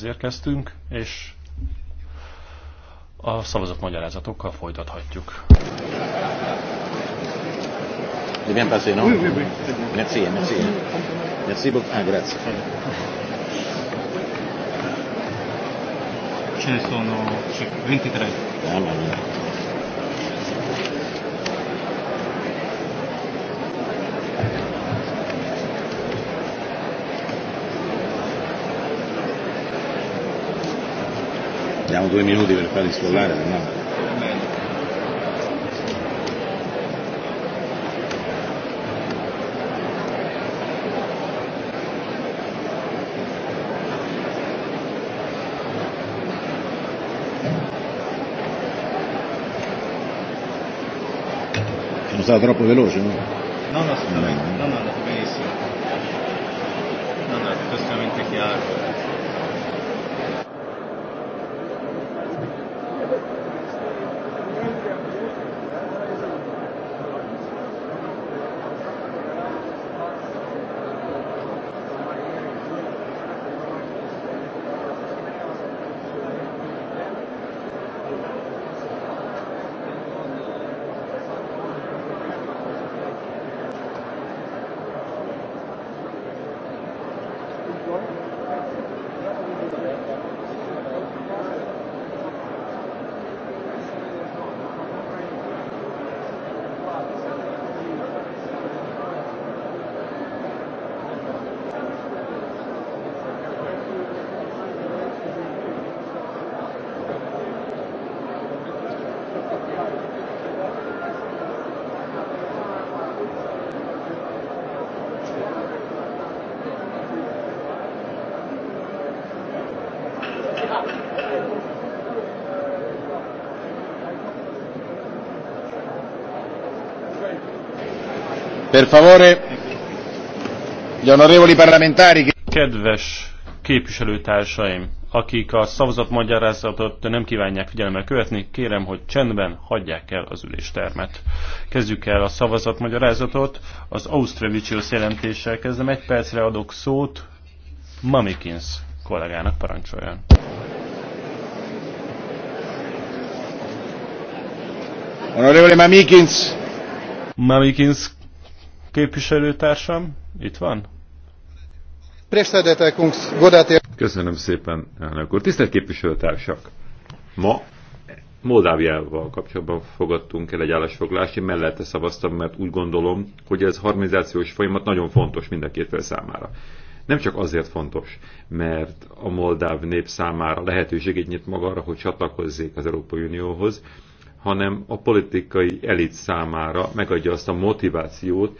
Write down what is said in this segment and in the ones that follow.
végéhez érkeztünk, és a szavazott magyarázatokkal folytathatjuk. De bien passé, non? Merci, merci. Merci beaucoup. Ah, grazie. Ce ne sono 23. Ah, ma mia. Abbiamo due minuti per farli sfollare, no? Sono stato troppo veloce, no? No, no, assolutamente, no, no, no, benissimo. No, no, è perfettamente chiaro. Per favore, gli onorevoli parlamentari. Kedves képviselőtársaim, akik a szavazat magyarázatot nem kívánják figyelemmel követni, kérem, hogy csendben hagyják el az üléstermet. Kezdjük el a szavazat magyarázatot. Az Ausztrevicius jelentéssel kezdem. Egy percre adok szót Mamikins kollégának parancsoljon. Honorevole Mamikins. Mamikins képviselőtársam. Itt van? E- Köszönöm szépen, elnök úr. Tisztelt képviselőtársak! Ma Moldáviával kapcsolatban fogadtunk el egy állásfoglalást, én mellette szavaztam, mert úgy gondolom, hogy ez harmonizációs folyamat nagyon fontos mind a két fél számára. Nem csak azért fontos, mert a moldáv nép számára lehetőséget nyit maga arra, hogy csatlakozzék az Európai Unióhoz, hanem a politikai elit számára megadja azt a motivációt,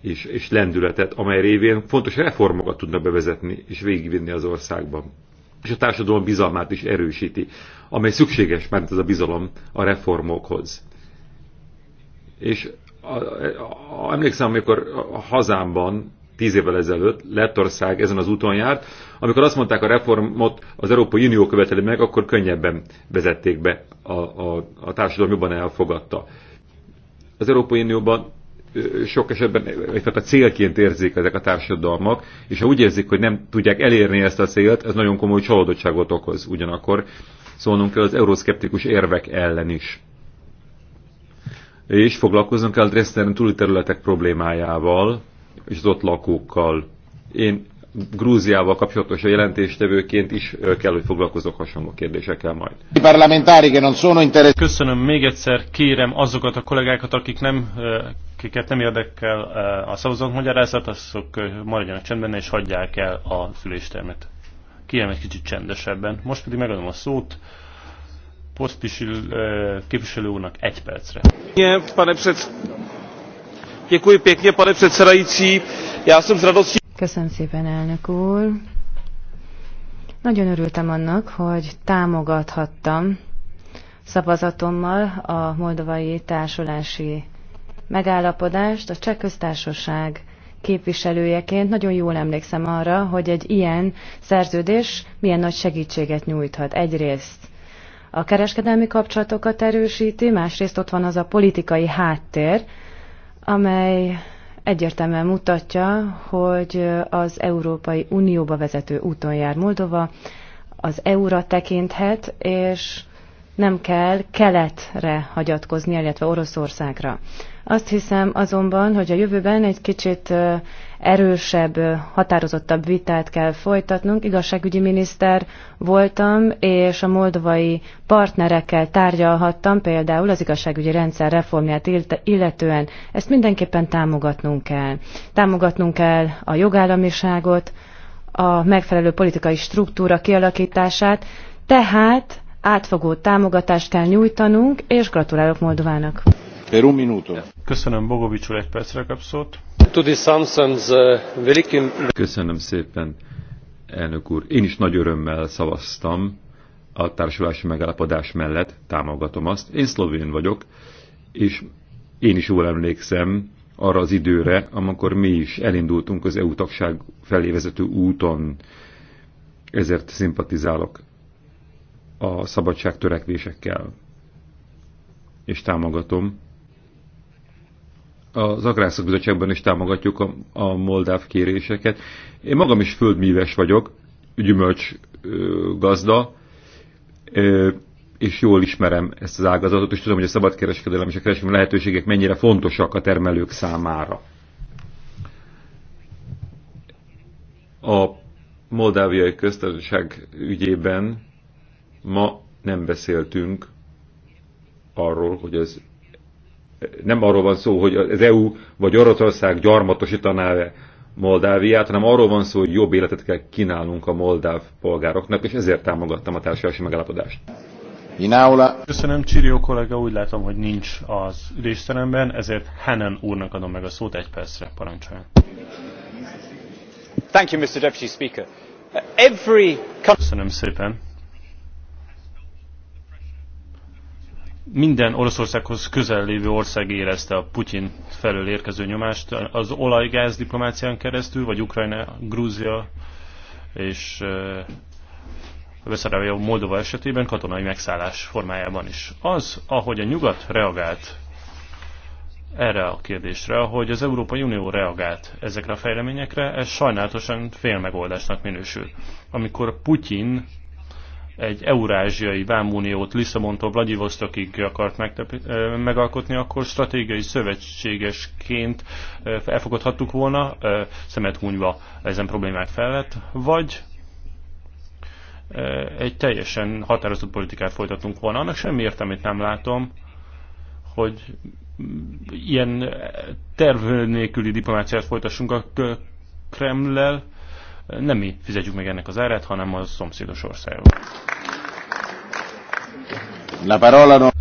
és, és lendületet, amely révén fontos reformokat tudnak bevezetni és végigvinni az országban. És a társadalom bizalmát is erősíti, amely szükséges, mert ez a bizalom a reformokhoz. És a, a, a, emlékszem, amikor a hazámban tíz évvel ezelőtt Lettország ezen az úton járt, amikor azt mondták a reformot az Európai Unió követeli meg, akkor könnyebben vezették be, a, a, a társadalom jobban elfogadta. Az Európai Unióban sok esetben egyfajta célként érzik ezek a társadalmak, és ha úgy érzik, hogy nem tudják elérni ezt a célt, ez nagyon komoly csalódottságot okoz ugyanakkor. Szólnunk kell az euroszkeptikus érvek ellen is. És foglalkozunk kell Dresden túli területek problémájával, és az ott lakókkal. Én Grúziával kapcsolatos a jelentéstevőként is kell, hogy foglalkozok hasonló kérdésekkel majd. Köszönöm még egyszer, kérem azokat a kollégákat, akik nem akiket nem érdekel eh, a szavazók magyarázat, azok eh, maradjanak csendben és hagyják el a füléstermet. Kérem egy kicsit csendesebben. Most pedig megadom a szót Poszpisil eh, képviselő úrnak egy percre. Děkuji pěkně, pane předsedající. Já jsem s radostí... Köszönöm szépen, elnök úr. Nagyon örültem annak, hogy támogathattam szavazatommal a moldovai társulási megállapodást, a cseh köztársaság képviselőjeként nagyon jól emlékszem arra, hogy egy ilyen szerződés milyen nagy segítséget nyújthat. Egyrészt a kereskedelmi kapcsolatokat erősíti, másrészt ott van az a politikai háttér, amely egyértelműen mutatja, hogy az Európai Unióba vezető úton jár Moldova, az EU-ra tekinthet, és nem kell keletre hagyatkozni, illetve Oroszországra. Azt hiszem azonban, hogy a jövőben egy kicsit erősebb, határozottabb vitát kell folytatnunk. Igazságügyi miniszter voltam, és a moldovai partnerekkel tárgyalhattam, például az igazságügyi rendszer reformját illetően. Ezt mindenképpen támogatnunk kell. Támogatnunk kell a jogállamiságot, a megfelelő politikai struktúra kialakítását, tehát átfogó támogatást kell nyújtanunk, és gratulálok Moldovának. Peru minuto. Köszönöm, Bogovics úr, egy percre kapszott. Uh, Köszönöm szépen, elnök úr. Én is nagy örömmel szavaztam a társulási megállapodás mellett, támogatom azt. Én szlovén vagyok, és én is jól emlékszem arra az időre, amikor mi is elindultunk az EU tagság felé vezető úton. Ezért szimpatizálok a szabadság törekvésekkel. És támogatom. Az Bizottságban is támogatjuk a, a moldáv kéréseket. Én magam is földműves vagyok, gyümölcs ö, gazda, ö, és jól ismerem ezt az ágazatot, és tudom, hogy a szabadkereskedelem és a kereskedelmi lehetőségek mennyire fontosak a termelők számára. A moldáviai köztársaság ügyében Ma nem beszéltünk arról, hogy ez nem arról van szó, hogy az EU vagy Oroszország gyarmatosítaná-e Moldáviát, hanem arról van szó, hogy jobb életet kell kínálnunk a moldáv polgároknak, és ezért támogattam a társadalmi megállapodást. Ináula. Köszönöm, Csirió kollega, úgy látom, hogy nincs az ülésteremben, ezért Hennen úrnak adom meg a szót egy percre, parancsolja. Thank you, Mr. Deputy Speaker. Every... Köszönöm szépen. minden Oroszországhoz közel lévő ország érezte a Putyin felől érkező nyomást az olajgáz diplomácián keresztül, vagy Ukrajna, Grúzia és Veszarávia eh, Moldova esetében katonai megszállás formájában is. Az, ahogy a nyugat reagált erre a kérdésre, ahogy az Európai Unió reagált ezekre a fejleményekre, ez sajnálatosan félmegoldásnak minősül. Amikor Putyin egy eurázsiai vámuniót Lisszabontól Vladivostokig akart megalkotni, akkor stratégiai szövetségesként elfogadhattuk volna, szemet hunyva ezen problémák felett, vagy egy teljesen határozott politikát folytatunk volna. Annak semmi értelmét nem látom, hogy ilyen terv nélküli diplomáciát folytassunk a Kremlel, nem mi fizetjük meg ennek az árát, hanem a szomszédos országok. La parola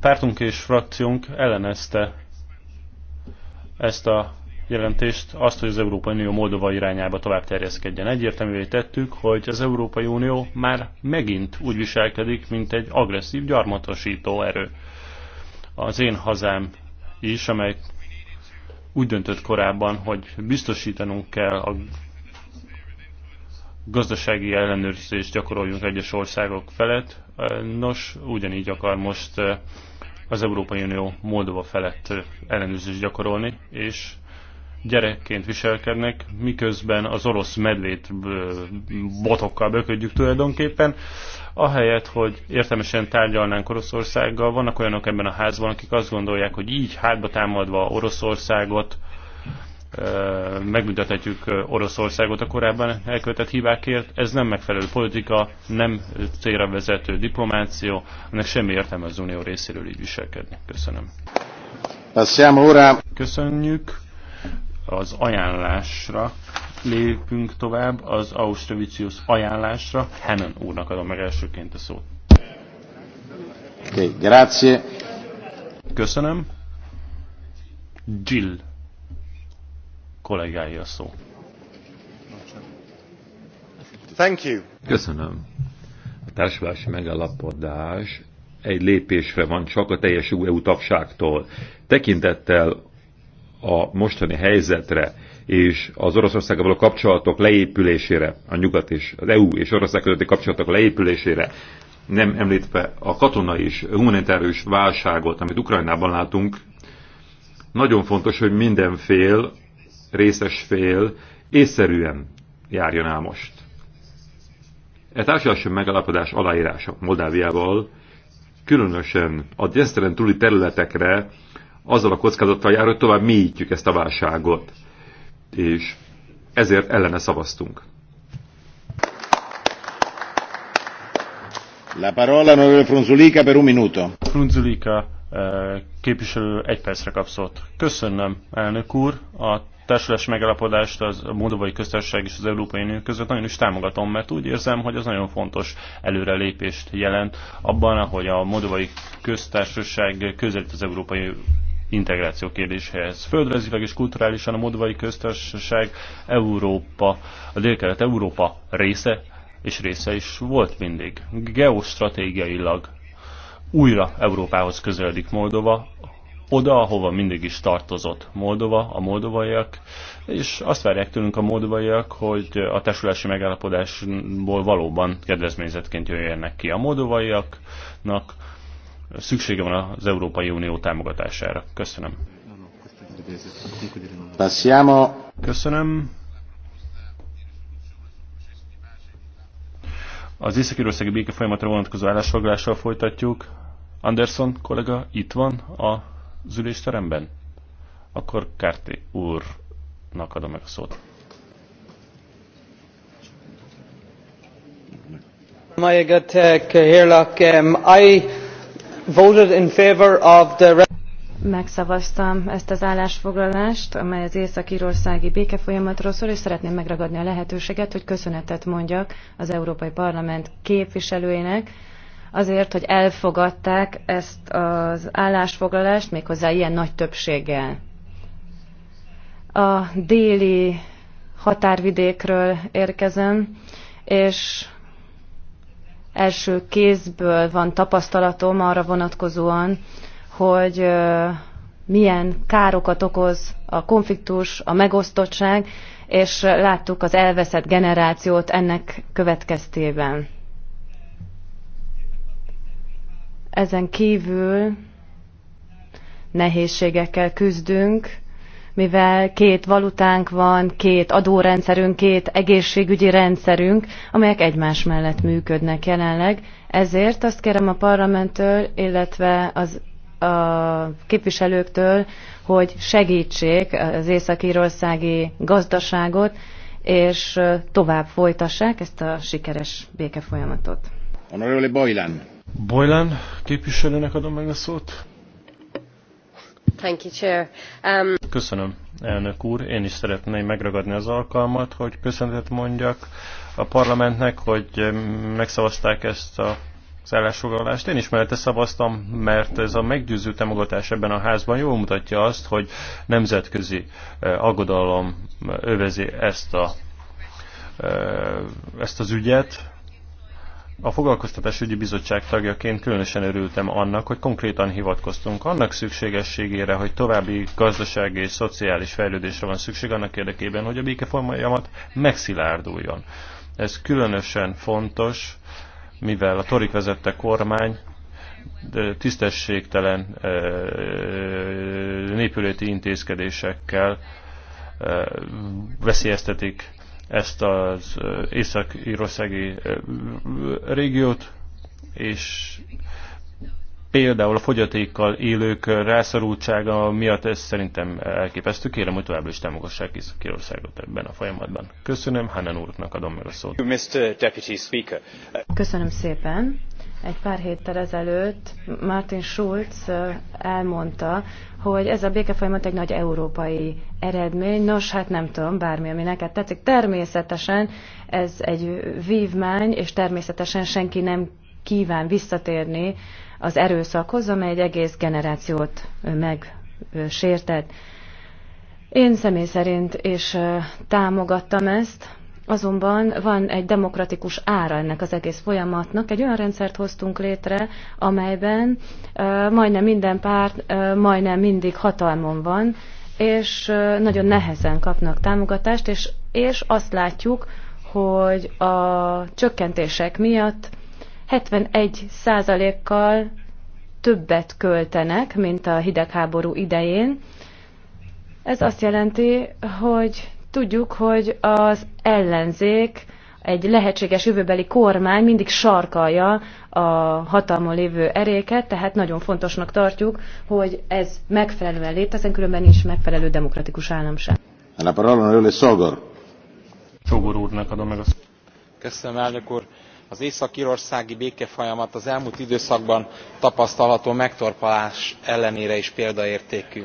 pártunk és frakciónk ellenezte ezt a jelentést, azt, hogy az Európai Unió Moldova irányába tovább terjeszkedjen. Egyértelművé tettük, hogy az Európai Unió már megint úgy viselkedik, mint egy agresszív gyarmatosító erő. Az én hazám is, amely úgy döntött korábban, hogy biztosítanunk kell a gazdasági ellenőrzést gyakoroljunk egyes országok felett. Nos, ugyanígy akar most eh, az Európai Unió Moldova felett eh, ellenőrzést gyakorolni, és gyerekként viselkednek, miközben az orosz medvét eh, botokkal böködjük tulajdonképpen, ahelyett, hogy értelmesen tárgyalnánk Oroszországgal, vannak olyanok ebben a házban, akik azt gondolják, hogy így hátba támadva Oroszországot megbüntethetjük Oroszországot a korábban elkövetett hibákért. Ez nem megfelelő politika, nem célra vezető diplomáció, ennek semmi értelme az Unió részéről így viselkedni. Köszönöm. Köszönjük. Az ajánlásra lépünk tovább, az Austrovicius ajánlásra. Hennen úrnak adom meg elsőként a szót. Okay, grazie. Köszönöm. Jill kollégái a szó. Thank you. Köszönöm. A társulási megállapodás egy lépésre van csak a teljes EU tagságtól. Tekintettel a mostani helyzetre és az Oroszországgal való kapcsolatok leépülésére, a nyugat és az EU és Oroszország közötti kapcsolatok leépülésére, nem említve a katonai és humanitárius válságot, amit Ukrajnában látunk, nagyon fontos, hogy minden fél részes fél észszerűen járjon el most. E társadalmi megállapodás aláírása Moldáviával különösen a Deszteren túli területekre azzal a kockázattal jár, hogy tovább mélyítjük ezt a válságot. És ezért ellene szavaztunk. La parola onorevole Frunzulica per un minuto. Frunzulica eh, képviselő egy percre kapszott. Köszönöm, elnök úr. A társulás megállapodást az a Moldovai Köztársaság és az Európai Unió között nagyon is támogatom, mert úgy érzem, hogy az nagyon fontos előrelépést jelent abban, ahogy a Moldovai Köztársaság közelít az Európai integráció kérdéshez. Földrajzilag és kulturálisan a Moldovai Köztársaság Európa, a délkelet Európa része, és része is volt mindig. Geostratégiailag újra Európához közeledik Moldova, oda, ahova mindig is tartozott Moldova, a moldovaiak, és azt várják tőlünk a moldovaiak, hogy a társulási megállapodásból valóban kedvezményzetként jöjjenek ki. A moldovaiaknak szüksége van az Európai Unió támogatására. Köszönöm. Köszönöm. Az Észak-Írországi béke folyamatra vonatkozó állásfoglalással folytatjuk. Anderson kollega itt van a az ülésteremben? Akkor Kárti úrnak adom meg a szót. Megszavaztam ezt az állásfoglalást, amely az észak-írországi békefolyamatról szól, és szeretném megragadni a lehetőséget, hogy köszönetet mondjak az Európai Parlament képviselőinek, azért, hogy elfogadták ezt az állásfoglalást, méghozzá ilyen nagy többséggel. A déli határvidékről érkezem, és első kézből van tapasztalatom arra vonatkozóan, hogy milyen károkat okoz a konfliktus, a megosztottság, és láttuk az elveszett generációt ennek következtében. Ezen kívül nehézségekkel küzdünk, mivel két valutánk van, két adórendszerünk, két egészségügyi rendszerünk, amelyek egymás mellett működnek jelenleg. Ezért azt kérem a parlamenttől, illetve az a képviselőktől, hogy segítsék az észak-írországi gazdaságot, és tovább folytassák ezt a sikeres békefolyamatot. Honorable Boylan. Boylan képviselőnek adom meg a szót. Thank you, Chair. Um... Köszönöm, elnök úr. Én is szeretném megragadni az alkalmat, hogy köszönetet mondjak a parlamentnek, hogy megszavazták ezt a szállásfoglalást. Én is mellette szavaztam, mert ez a meggyőző támogatás ebben a házban jól mutatja azt, hogy nemzetközi eh, aggodalom eh, övezi ezt a eh, ezt az ügyet, a Foglalkoztatásügyi Bizottság tagjaként különösen örültem annak, hogy konkrétan hivatkoztunk annak szükségességére, hogy további gazdasági és szociális fejlődésre van szükség annak érdekében, hogy a béke megszilárduljon. Ez különösen fontos, mivel a Torik vezette kormány tisztességtelen népületi intézkedésekkel veszélyeztetik ezt az észak-írországi régiót, és például a fogyatékkal élők rászorultsága miatt ez szerintem elképesztő. Kérem, hogy továbbra is támogassák Észak-Írországot ebben a folyamatban. Köszönöm, Hannan úrnak adom meg a szót. Köszönöm szépen egy pár héttel ezelőtt Martin Schulz elmondta, hogy ez a békefolyamat egy nagy európai eredmény. Nos, hát nem tudom, bármi, ami neked tetszik. Természetesen ez egy vívmány, és természetesen senki nem kíván visszatérni az erőszakhoz, amely egy egész generációt megsértett. Én személy szerint is támogattam ezt, Azonban van egy demokratikus ára ennek az egész folyamatnak. Egy olyan rendszert hoztunk létre, amelyben majdnem minden párt majdnem mindig hatalmon van, és nagyon nehezen kapnak támogatást, és, és azt látjuk, hogy a csökkentések miatt 71%-kal többet költenek, mint a hidegháború idején. Ez azt jelenti, hogy Tudjuk, hogy az ellenzék egy lehetséges jövőbeli kormány mindig sarkalja a hatalmon lévő eréket, tehát nagyon fontosnak tartjuk, hogy ez megfelelően létezzen, különben is megfelelő demokratikus állam sem. La parola Szogor. Szogor úrnak adom meg a szót. Köszönöm, elnök úr. Az észak irországi békefolyamat az elmúlt időszakban tapasztalható megtorpalás ellenére is példaértékű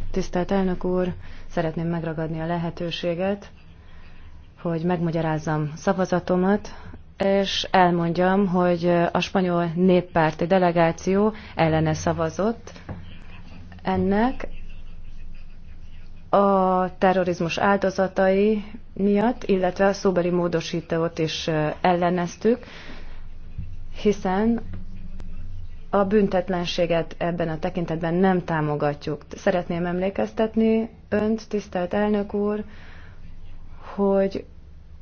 Tisztelt elnök úr, szeretném megragadni a lehetőséget, hogy megmagyarázzam szavazatomat, és elmondjam, hogy a spanyol néppárti delegáció ellene szavazott ennek a terrorizmus áldozatai miatt, illetve a szóbeli módosítót is elleneztük, hiszen a büntetlenséget ebben a tekintetben nem támogatjuk. Szeretném emlékeztetni önt, tisztelt elnök úr, hogy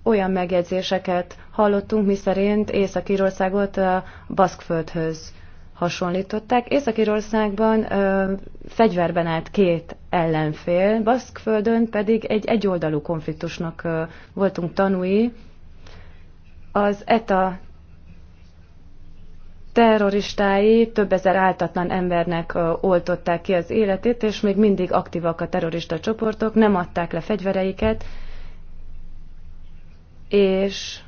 olyan megjegyzéseket hallottunk, miszerint Észak-Írországot a Baszkföldhöz hasonlították. Észak-Írországban ö, fegyverben állt két ellenfél, Baszkföldön pedig egy egyoldalú konfliktusnak ö, voltunk tanúi. Az ETA terroristái több ezer áltatlan embernek oltották ki az életét, és még mindig aktívak a terrorista csoportok, nem adták le fegyvereiket, és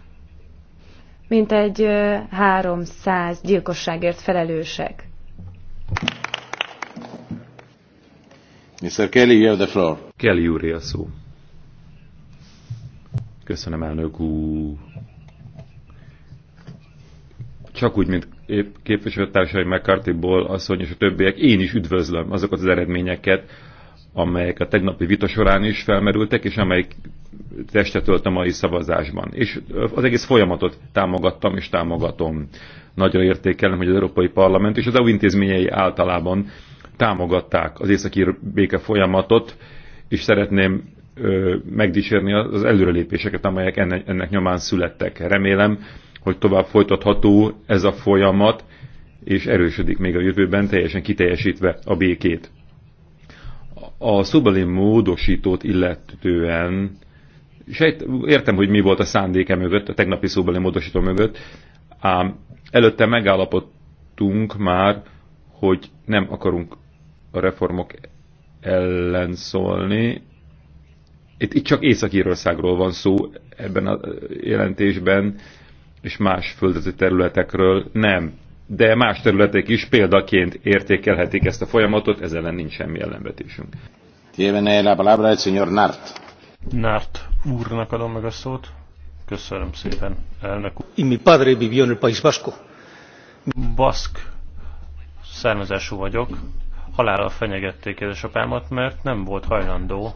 mintegy 300 gyilkosságért felelősek. Mr. Kelly, you have the floor. Kelly úr, a szó. Köszönöm, elnök úr. Csak úgy, mint képviselőtársai McCarthy-ból asszony és a többiek, én is üdvözlöm azokat az eredményeket, amelyek a tegnapi vita során is felmerültek, és amelyik testet tölt a mai szavazásban. És az egész folyamatot támogattam és támogatom. Nagyra értékelem, hogy az Európai Parlament és az EU intézményei általában támogatták az északi béke folyamatot, és szeretném ö, megdísérni az előrelépéseket, amelyek ennek, ennek nyomán születtek. Remélem, hogy tovább folytatható ez a folyamat, és erősödik még a jövőben, teljesen kiteljesítve a békét. A szubelin módosítót illetően, sejt, értem, hogy mi volt a szándéke mögött, a tegnapi szubelin módosító mögött, ám előtte megállapodtunk már, hogy nem akarunk a reformok ellen szólni. Itt, itt csak Észak-Írországról van szó ebben a jelentésben, és más földrajzi területekről nem, de más területek is példaként értékelhetik ezt a folyamatot, ez ellen nincs semmi ellenvetésünk. Tiene la palabra el señor Nart. Nart, úrnak adom meg a szót. Köszönöm szépen, elnök úr. Y mi padre vivió en el País Vasco. Baszk származású vagyok. Halállal fenyegették édesapámat, mert nem volt hajlandó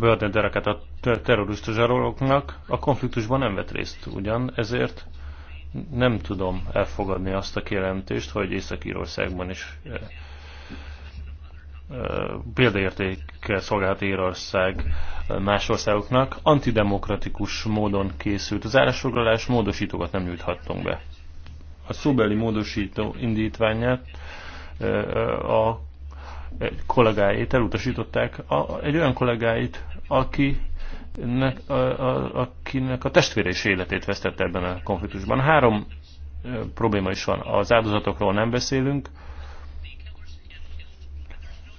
bördendereket a terrorista zsaroloknak, a konfliktusban nem vett részt ugyan, ezért nem tudom elfogadni azt a kijelentést, hogy Észak-Írországban is eh, eh, példaértékkel szolgált Írország más országoknak, antidemokratikus módon készült az állásfoglalás, módosítókat nem nyújthattunk be. A szóbeli módosító indítványát eh, a kollégáit elutasították, a, egy olyan kollégáit, aki nek, a, a, akinek a testvére is életét vesztette ebben a konfliktusban. Három probléma is van. Az áldozatokról nem beszélünk,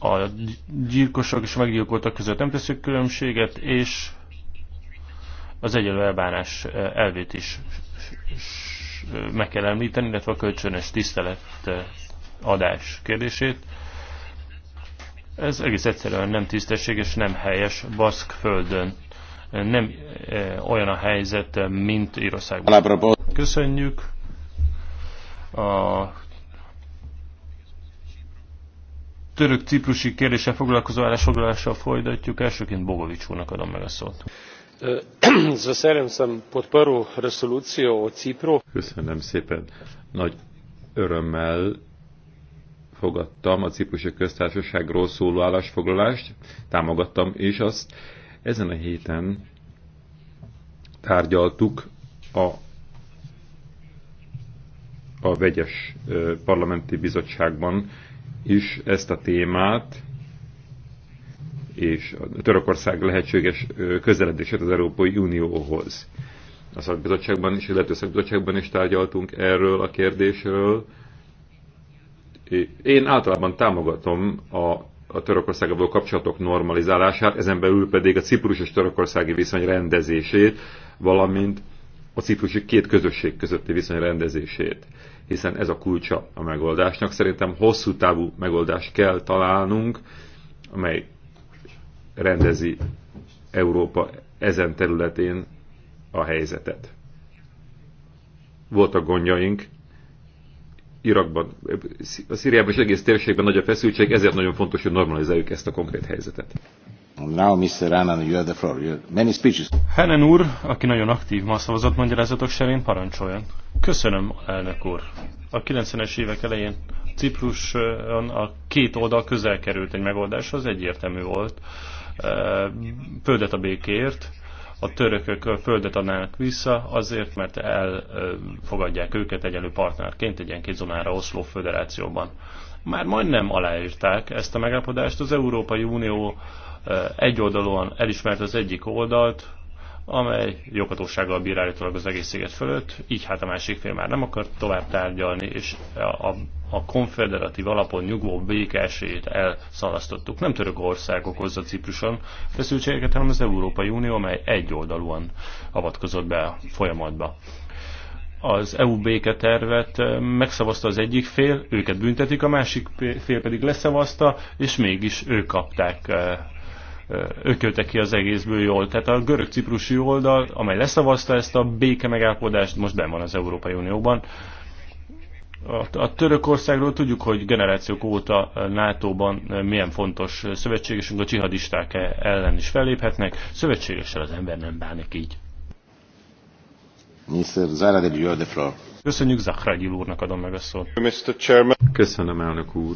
a gyilkosok és a meggyilkoltak között nem teszük különbséget, és az egyenlő elbánás elvét is meg kell említeni, illetve a kölcsönös tisztelet adás kérdését. Ez egész egyszerűen nem tisztességes, nem helyes Baszk földön. Nem eh, olyan a helyzet, mint Írországban. Köszönjük. A török-ciprusi kérdéssel foglalkozó állásfoglalással folytatjuk. Elsőként Bogovics úrnak adom meg a szót. Köszönöm szépen. Nagy örömmel fogadtam a ciprusi köztársaságról szóló állásfoglalást, támogattam is azt. Ezen a héten tárgyaltuk a, a vegyes parlamenti bizottságban is ezt a témát, és a Törökország lehetséges közeledését az Európai Unióhoz. A szakbizottságban is, a szakbizottságban is tárgyaltunk erről a kérdésről, én általában támogatom a, a Törökországból kapcsolatok normalizálását, ezen belül pedig a ciprus és törökországi viszony rendezését, valamint a ciprusi két közösség közötti viszony rendezését, hiszen ez a kulcsa a megoldásnak. Szerintem hosszú távú megoldást kell találnunk, amely rendezi Európa ezen területén a helyzetet. Voltak gondjaink Irakban, a Szíriában és egész térségben nagy a feszültség, ezért nagyon fontos, hogy normalizáljuk ezt a konkrét helyzetet. Now, Mr. Annan, you have the floor. You many speeches. Hanan úr, aki nagyon aktív ma szavazott magyarázatok serén, parancsoljon. Köszönöm, elnök úr. A 90-es évek elején Cipruson a két oldal közel került egy megoldáshoz, egyértelmű volt. Földet a békéért, a törökök földet adnának vissza, azért, mert elfogadják őket egyenlő partnerként egy ilyen kétzonára oszló föderációban. Már majdnem aláírták ezt a megállapodást, az Európai Unió eh, egyoldalúan elismerte az egyik oldalt, amely joghatósággal bír állítólag az egész sziget fölött, így hát a másik fél már nem akart tovább tárgyalni, és a, a konfederatív alapon nyugvó békesélyét elszalasztottuk. Nem Törökország okozza Cipruson feszültségeket, hanem az Európai Unió, amely egyoldalúan avatkozott be a folyamatba az EU béketervet megszavazta az egyik fél, őket büntetik, a másik fél pedig leszavazta, és mégis ők kapták ők jöttek ki az egészből jól. Tehát a görög-ciprusi oldal, amely leszavazta ezt a béke megállapodást, most ben van az Európai Unióban. A, a Törökországról tudjuk, hogy generációk óta NATO-ban milyen fontos szövetségesünk, a csihadisták e ellen is felléphetnek. Szövetségesen az ember nem bánik így. Köszönjük Zahragyil úrnak adom meg a szót. Köszönöm, elnök úr.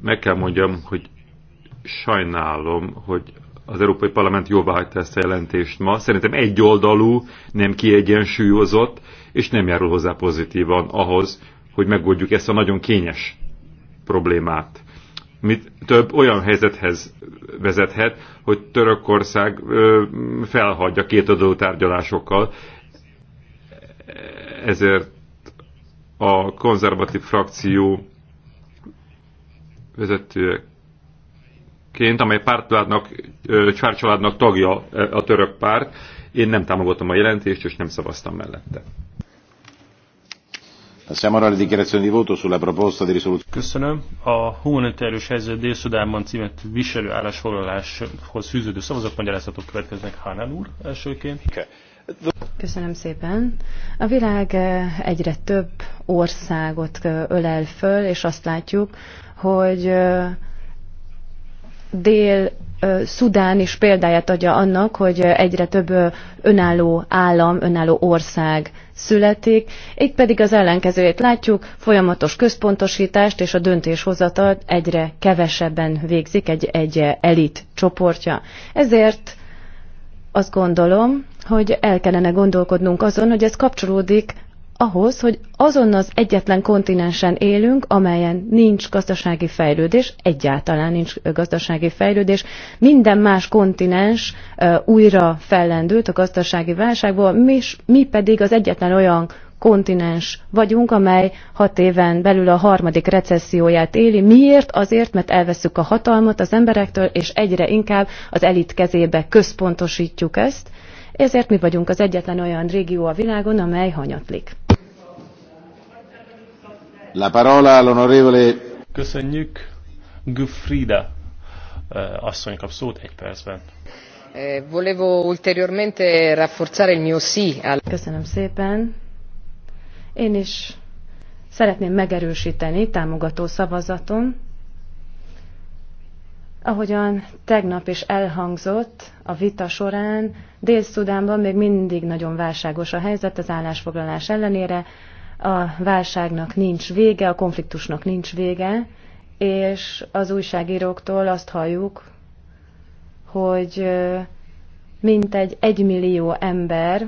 Meg kell mondjam, hogy sajnálom, hogy az Európai Parlament jóváhagyta ezt a jelentést ma. Szerintem egyoldalú, nem kiegyensúlyozott, és nem járul hozzá pozitívan ahhoz, hogy megoldjuk ezt a nagyon kényes problémát. Mit több olyan helyzethez vezethet, hogy Törökország ö, felhagyja két adó tárgyalásokkal, ezért a konzervatív frakció vezetőek pártként, amely pártcsaládnak, csárcsaládnak tagja a török párt. Én nem támogatom a jelentést, és nem szavaztam mellette. Köszönöm. A humanitárius helyzet Dél-Szudánban címet viselő állásfoglaláshoz fűződő szavazatmagyarázatok következnek Hánál úr elsőként. Köszönöm szépen. A világ egyre több országot ölel föl, és azt látjuk, hogy dél Szudán is példáját adja annak, hogy egyre több önálló állam, önálló ország születik. Itt pedig az ellenkezőjét látjuk, folyamatos központosítást és a döntéshozatat egyre kevesebben végzik egy, egy elit csoportja. Ezért azt gondolom, hogy el kellene gondolkodnunk azon, hogy ez kapcsolódik ahhoz, hogy azon az egyetlen kontinensen élünk, amelyen nincs gazdasági fejlődés, egyáltalán nincs gazdasági fejlődés. Minden más kontinens újra fellendült a gazdasági válságból, mi, mi pedig az egyetlen olyan kontinens vagyunk, amely hat éven belül a harmadik recesszióját éli. Miért? Azért, mert elveszük a hatalmat az emberektől, és egyre inkább az elit kezébe központosítjuk ezt. Ezért mi vagyunk az egyetlen olyan régió a világon, amely hanyatlik. La parola all'onorevole... Köszönjük. Gufrida eh, asszony kap szót egy percben. Eh, volevo ulteriormente rafforzare il mio sì. Köszönöm szépen. Én is szeretném megerősíteni támogató szavazaton. Ahogyan tegnap is elhangzott a vita során, Dél-Szudánban még mindig nagyon válságos a helyzet az állásfoglalás ellenére, a válságnak nincs vége, a konfliktusnak nincs vége, és az újságíróktól azt halljuk, hogy mintegy egymillió ember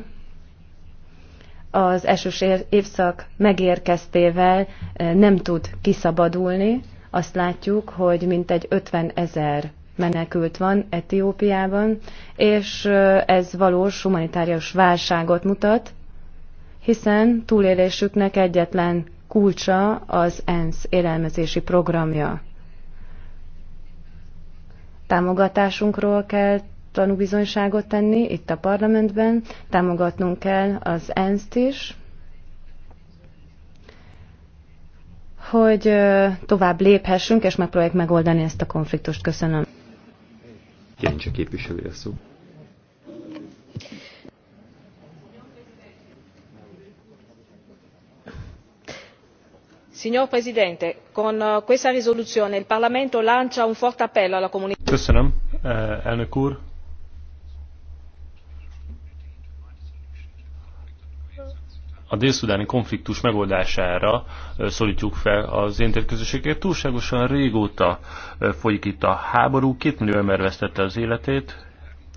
az esős évszak megérkeztével nem tud kiszabadulni. Azt látjuk, hogy mintegy 50 ezer menekült van Etiópiában, és ez valós humanitárius válságot mutat, hiszen túlélésüknek egyetlen kulcsa az ENSZ élelmezési programja. Támogatásunkról kell tanúbizonyságot tenni itt a parlamentben, támogatnunk kell az ENSZ-t is, hogy tovább léphessünk, és megpróbáljuk megoldani ezt a konfliktust. Köszönöm. Jencse képviselő a szó. signor presidente con eh, questa risoluzione il parlamento lancia un forte appello alla comunità. internazionale eh, a dél szudáni konfliktus megoldására szóltjuk fel az érintett Túlságosan régóta folyik itt a háború, két millió ember vesztette az életét,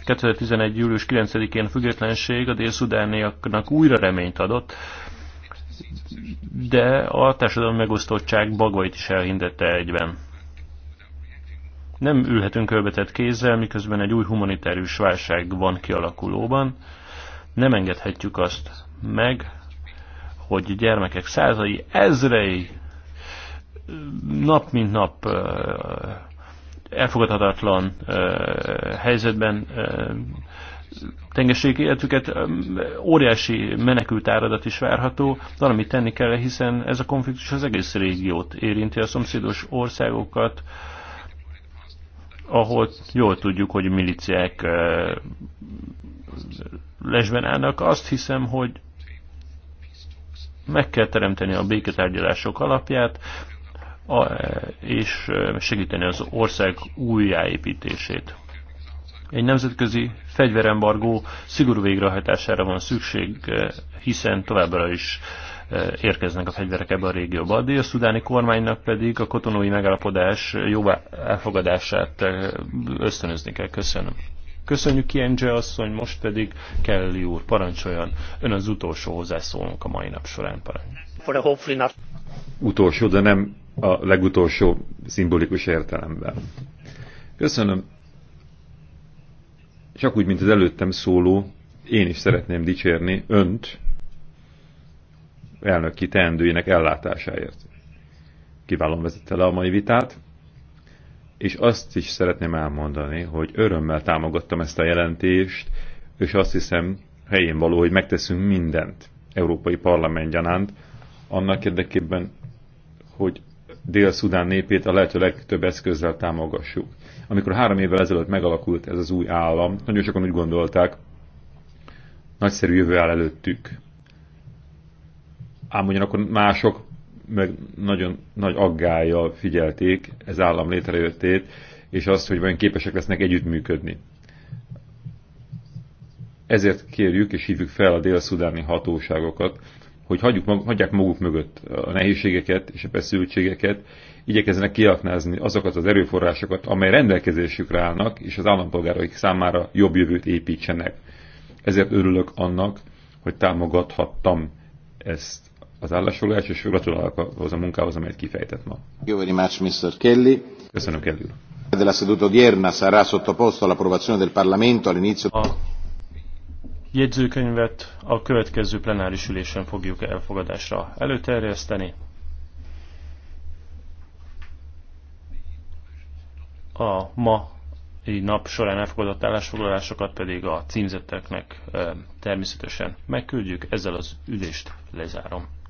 2011. július 9-én a függetlenség a dél-szudániaknak újra reményt adott, de a társadalmi megosztottság bagait is elhindette egyben. Nem ülhetünk körbetett kézzel, miközben egy új humanitárius válság van kialakulóban. Nem engedhetjük azt meg, hogy gyermekek százai, ezrei nap mint nap elfogadhatatlan helyzetben tengerségi életüket, óriási menekült áradat is várható, valamit tenni kell, hiszen ez a konfliktus az egész régiót érinti, a szomszédos országokat, ahol jól tudjuk, hogy miliciák lesben állnak. Azt hiszem, hogy meg kell teremteni a béketárgyalások alapját, a, és segíteni az ország újjáépítését egy nemzetközi fegyverembargó szigorú végrehajtására van szükség, eh, hiszen továbbra is eh, érkeznek a fegyverek ebbe a régióba. A dél-szudáni kormánynak pedig a kotonói megállapodás jobb elfogadását eh, ösztönözni kell. Köszönöm. Köszönjük Enge asszony, most pedig Kelly úr, parancsoljon. Ön az utolsó hozzászólónk a mai nap során. Utolsó, de nem a legutolsó szimbolikus értelemben. Köszönöm, csak úgy, mint az előttem szóló, én is szeretném dicsérni önt elnöki teendőjének ellátásáért. Kiválóan vezette le a mai vitát, és azt is szeretném elmondani, hogy örömmel támogattam ezt a jelentést, és azt hiszem helyén való, hogy megteszünk mindent Európai Parlament gyanánt, annak érdekében, hogy Dél-Szudán népét a lehető legtöbb eszközzel támogassuk amikor három évvel ezelőtt megalakult ez az új állam, nagyon sokan úgy gondolták, nagyszerű jövő áll előttük. Ám ugyanakkor mások meg nagyon nagy aggájjal figyelték ez állam létrejöttét, és azt, hogy vajon képesek lesznek együttműködni. Ezért kérjük és hívjuk fel a dél-szudáni hatóságokat, hogy hagyjuk, hagyják maguk mögött a nehézségeket és a feszültségeket, igyekeznek kiaknázni azokat az erőforrásokat, amely rendelkezésükre állnak, és az állampolgáraik számára jobb jövőt építsenek. Ezért örülök annak, hogy támogathattam ezt az állásolást, és gratulálok ahhoz a munkához, amelyet kifejtett ma. Jó very much, Mr. Kelly. Köszönöm, Kelly úr. della seduta odierna sarà sottoposto all'approvazione del Parlamento all'inizio... A Jegyzőkönyvet a következő plenáris ülésen fogjuk elfogadásra előterjeszteni. A ma nap során elfogadott állásfoglalásokat pedig a címzetteknek természetesen megküldjük, ezzel az ülést lezárom.